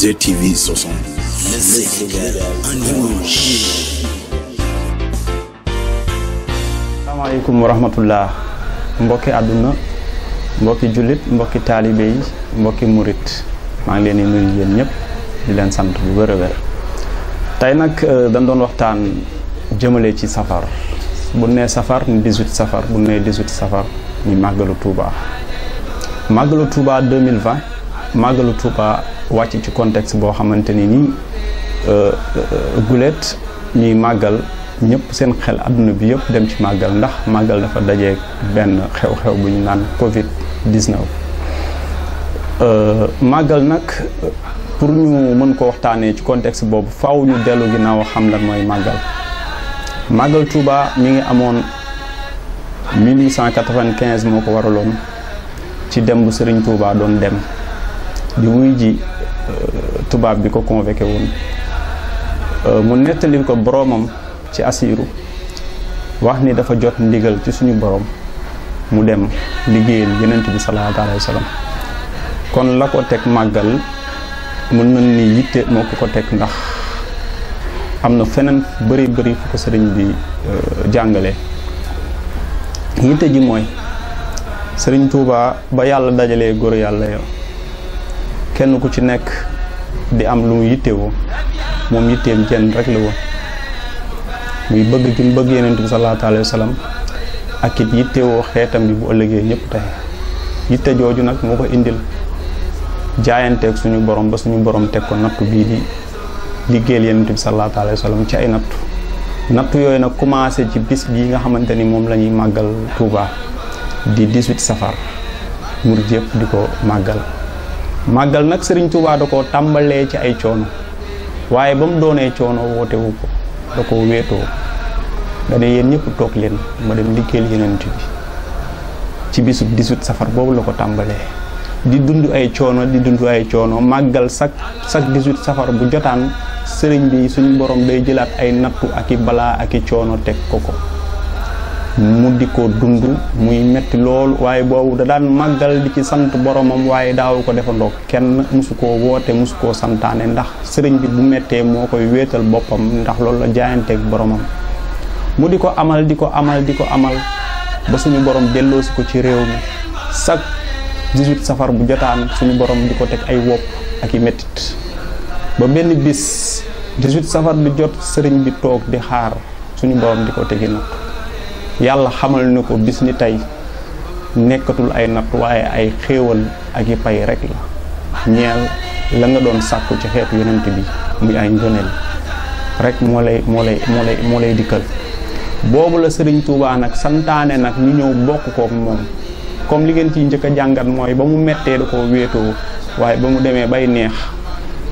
GTV 70. Le Sénégal en image. asalaamaaleykum wa mbokki àdduna mbokki jullit mbokki taalibe yi mbokki murit maa ngi leen di nuyu yéen ñëpp di leen sant bu wér wér tey nag euh, dañ doon waxtaan jëmale ci safar bu nee safar ni safar bu nee 18 safar ni màggalu Touba màggalu Touba màggalu Touba. wacc ci contexte bo xamanteni ni magal euh, euh, gulet ñuy magal ñepp seen xel aduna bi yëpp dem ci magal ndax magal dafa dajé ben xew-xew bu ñu covid 19 magal nak pour ñu mën ko waxtané ci contexte bobu faaw ñu dellu magal xam lan moy magal magal Touba mi ngi amone 1895 moko waralon ci dem Serigne Touba doon dem di wuy ji tubaab bi ko convoqué woon euh, mu nettali ko boromam ci asiru wax ni dafa jot ndigal ci suñu borom mu dem liggéeyal yenent bi sallallahu alayhi wasallam kon la ko teg màggal mën na ni yitte moo ko ko teg ndax am na feneen bëri bëri fu ko sëriñ bi euh, yitte ji mooy sëriñ touba ba yàlla dajalee góor yàlla ya kenn ku ci nekk di am lu wo mom yitté am jenn rek la wo muy bëgg gi mu bëgg yenen tou sallallahu alayhi wasallam ak it wo xeetam bi bu ëllëgé ñëpp tay yitté joju nak moko indil indil ak suñu borom ba suñu borom teg ko nattu bi di liggéel yenen tou sallallahu alayhi Wasallam. ci ay nattu nattu yoy nak commencé ci bis bi nga xamanteni ni lañuy la Touba di 18 safar mur jépp magal. magal magal nak serigne Touba dako tambalé cai ci ay choono waye bam doone choono coono wuko dako ko da koo wéetoo dane yéen leen ma dem liggéeyal yenent bi ci bisu 18 safar bobu lako tambalé di dund ay choono di dund ay choono magal sak sak 18 safar bu jotaan serigne bi suñu borom day jëlat ay nattu ak bala ak choono tek koko mu di ko dund muy metti lool waaye boobu da daan màggal di ci sant boromam waaye daaw ko defandoo kenn musu koo woote musu koo santaane ndax sëriñ bi bu mettee moo koy wéetal boppam ndax loolu la jaayanteeg boromam mu ko amal di amal di amal ba suñu borom delloosi ko ci réew mi 18 safar bu jotaan suñu borom di ko teg ay wopp ak i mettit ba benn bis 18 safar du jot sëriñ bi toog di xaar suñu borom di ko tegi nag yàlla xamal na ko bis ni tey nekkatul ay natt waaye ay xéewal ak yi pay rek la ñeel la nga doon sàkku ci xeetu yonent bi muy ay ngëneel rek moo lay moo lay moo lay dikkal boobu la sëriñ Touba nag santaane nag ñu ñëw bokk kook moom comme li ngeen ci njëkk a jàngat mooy ba mu mettee da ko wéetoo waaye ba mu demee bay neex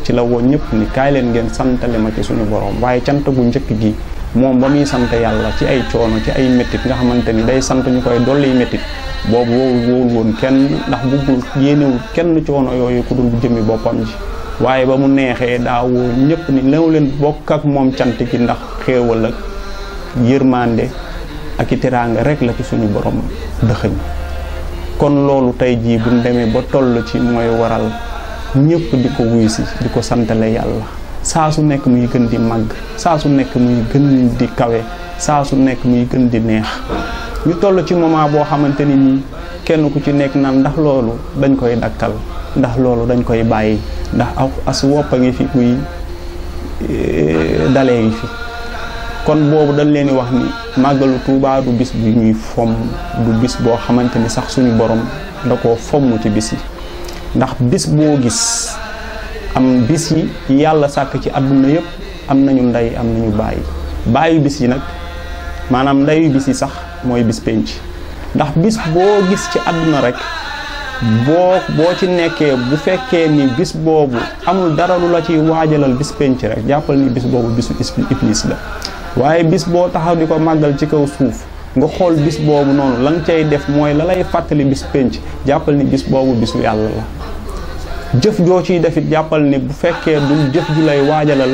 ci la woon ñëpp ni kaay leen ngeen santale ma ci suñu borom waaye cant njëkk gi moom ba muy sant yàlla ci ay coono ci ay méttit nga xamante ni day sant ñu koy dolli méttit boobu woowu wóolu woon kenn ndax buggul yéenewul kenn coono yooyu ku dul jëmi boppam ji waaye ba mu neexee daa woo ñëpp ni law leen bokk ak moom cant gi ndax xéewal ak yërmande ak i teraanga rek la ci suñu borom dëxëñ kon loolu tey jii buñ demee ba toll ci mooy waral ñëpp di ko wuy di ko santale yàlla saa su nekk muy gën di màgg saa su nekk muy gën di kawe saa su nekk muy gën di neex ñu toll ci moment boo xamante ni nii kenn ku ci nekk naan ndax loolu dañ koy dakkal ndax loolu dañ koy bàyyi ndax aw as wopp a ngi fi kuy eh, dalee ngi fi kon boobu dañ leen di wax ni màggalu Tuubaa du bis bu ñuy fomm du bis boo xamante ni sax suñu borom da koo fomm ci bis yi ndax bis boo gis am bis yi yàlla sàkk ci àdduna yëpp am nañu ndey am ñu bàyyi bàyyi bis yi nag maanaam ndeyu bis yi sax mooy bis penc ndax bis boo gis ci àdduna rek boo boo ci nekkee bu fekkee ni bis boobu amul dara lu la ci waajalal bis penc rek jàppal ni bis boobu bisu iblis la waaye bis boo taxaw di ko màggal ci kaw suuf nga xool bis boobu noonu lan cay def mooy la lay fàttali bis penc jàppal ni bis boobu bisu yàlla la jëf joo ciy defit jàppal ni bu fekkee du jëf ju lay waajalal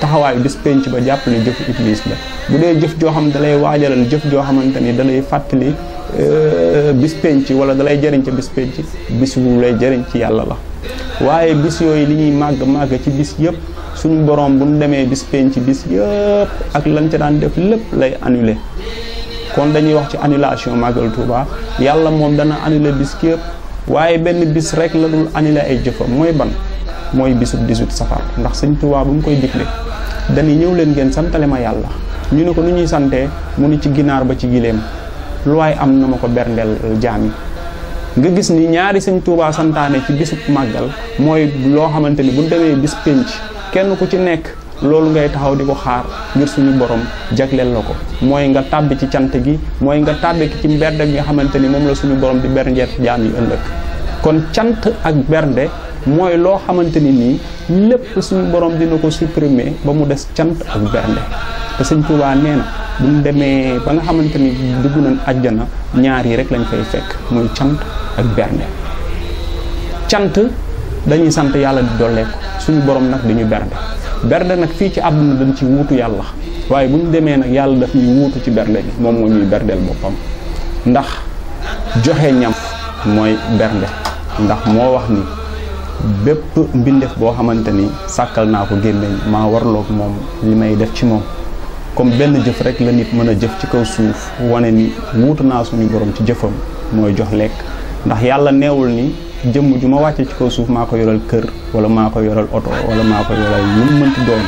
taxawaay bis penc ba jàppale jëf iblis ba bu dee jëf joo xam dalay waajalal jëf joo xamante ni dalay fàttali euh, bis penc wala dalay jëriñ ca bis penc bis wu lay jëriñ ci yàlla la waaye bis yooyu li ñuy màgg màgg ci bis yëpp suñu borom bu ñu demee bis penc bis yëpp ak lan ca daan def lépp lay annule kon dañuy wax ci annulation màggal tuubaa yàlla moom dana annulé bis yëpp waaye benn bis rek la dul annulé ay jëfam mooy ban mooy bisub 18 safar ndax sëñ Tuubaa bu mu koy digle dañuy ñëw leen ngeen santale ma yàlla ñu ne ko nu ñuy santee mu ni ci ginaar ba ci gileem lu waaye am na ma ko berndeel jaam yi nga gis ni ñaari sëñ Tuubaa santaane ci bisub màggal mooy loo xamante ni bu demee bis pénc kenn ku ci nekk loolu ngay taxaw di ko xaar ngir suñu borom jagleel la ko mooy nga tàbbi ci cant gi mooy nga tàbbi ci mberde gi nga xamante ni moom la suñu borom di berndeet jaam yi kon cant ak bernde mooy loo xamante ni nii lépp suñu borom dina ko supprimer ba mu des cant ak bernde te sëñ Touba nee na bu mu demee ba nga xamante ni dugg nañ àjjana ñaar yi rek lañ fay fekk muy cant ak berde cant dañuy sant yàlla di dolleeku suñu borom nag dañu bernde bernde nag fii ci àdduna dañ ci wuutu yàlla waaye bu ñu demee nag yàlla daf ñuy wuutu ci bernde gi moom moo ñuy berndeel boppam ndax joxe ñam mooy bernde ndax moo wax ni bépp mbindeef boo xamante ni sàkkal naa ko gémmiñ maa warloog moom li may def ci moom comme benn jëf rek la nit mën a jëf ci kaw suuf wane ni wuutu naa suñu borom ci jëfam mooy jox lekk ndax yàlla neewul ni jëmm ju ma wàccee ci ko suuf maa ko yoral kër wala maa ko yoral oto wala maa ko yoral lu mu mënti doon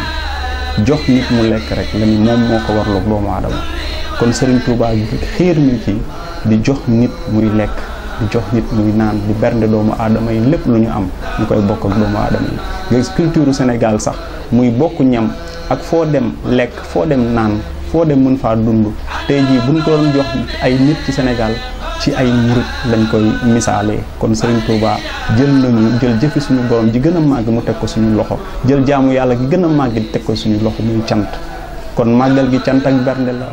jox nit mu lekk rek la ni moom moo ko warloog doomu aadama kon Serigne Touba xiir ñu ci di jox nit muy lekk di jox nit muy naan di bernde doomu aadama yi lépp lu ñu am ñu koy bokk ak doomu aadama yi nga gis Sénégal sax muy bokk ñam ak foo dem lekk foo dem naan foo dem mën faa dund tey jii buñ ko doon jox ay nit ci Sénégal ci ay murit lañ koy misaalee kon Serigne Touba jël nañu jël jëfi suñu borom ji gën a màgg mu teg ko suñu loxo jël jaamu yàlla gi gën a màgg di teg ko suñu loxo muy cant kon màggal gi cant ak bernde la.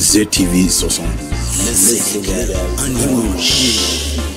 GTV 70.